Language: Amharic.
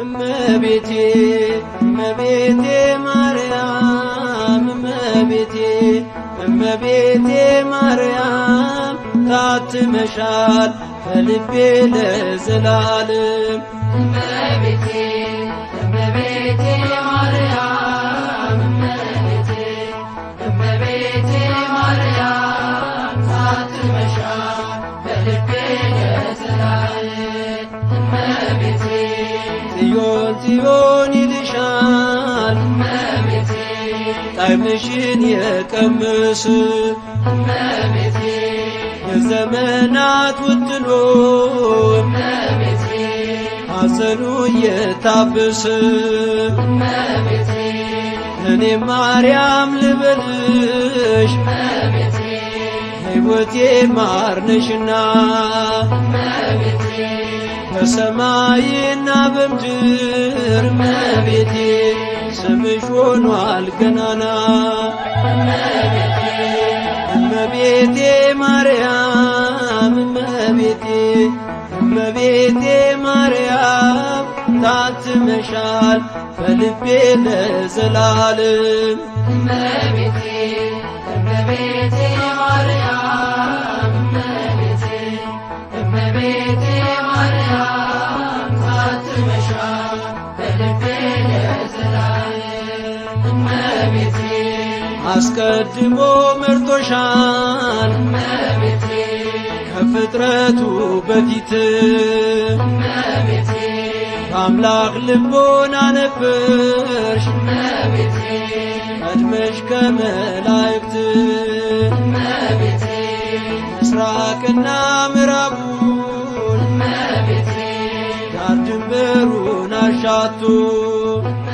እመቤቴ እመቤቴ ማርያም እመቤቴ እመቤቴ ማርያም ታትመሻል ከልቤ ለዘላለም እመቤቴ እመቤቴ ማርያም ጽዮን ጽዮን ይልሻል እመቤቴ ጣዕምሽን የቀምስ እመቤቴ የዘመናት ውጥኖ እመቤቴ ሐዘኑ የታብስ እመቤቴ እኔ ማርያም ልበልሽ ሕይወቴ ማርነሽና በሰማይና በምድር መቤቴ ስምሽ ሆኗል ገናና እመቤቴ ማርያም እመቤቴ እመቤቴ ማርያም ታትመሻል በልቤ ለዘላለም እመቤቴ እመቤቴ ማርያም አስቀድሞ መርጦሻል ከፍጥረቱ በፊት አምላክ ልቦና ነበርሽ ቀድመሽ ከመላእክት ምስራቅና ምዕራቡ chato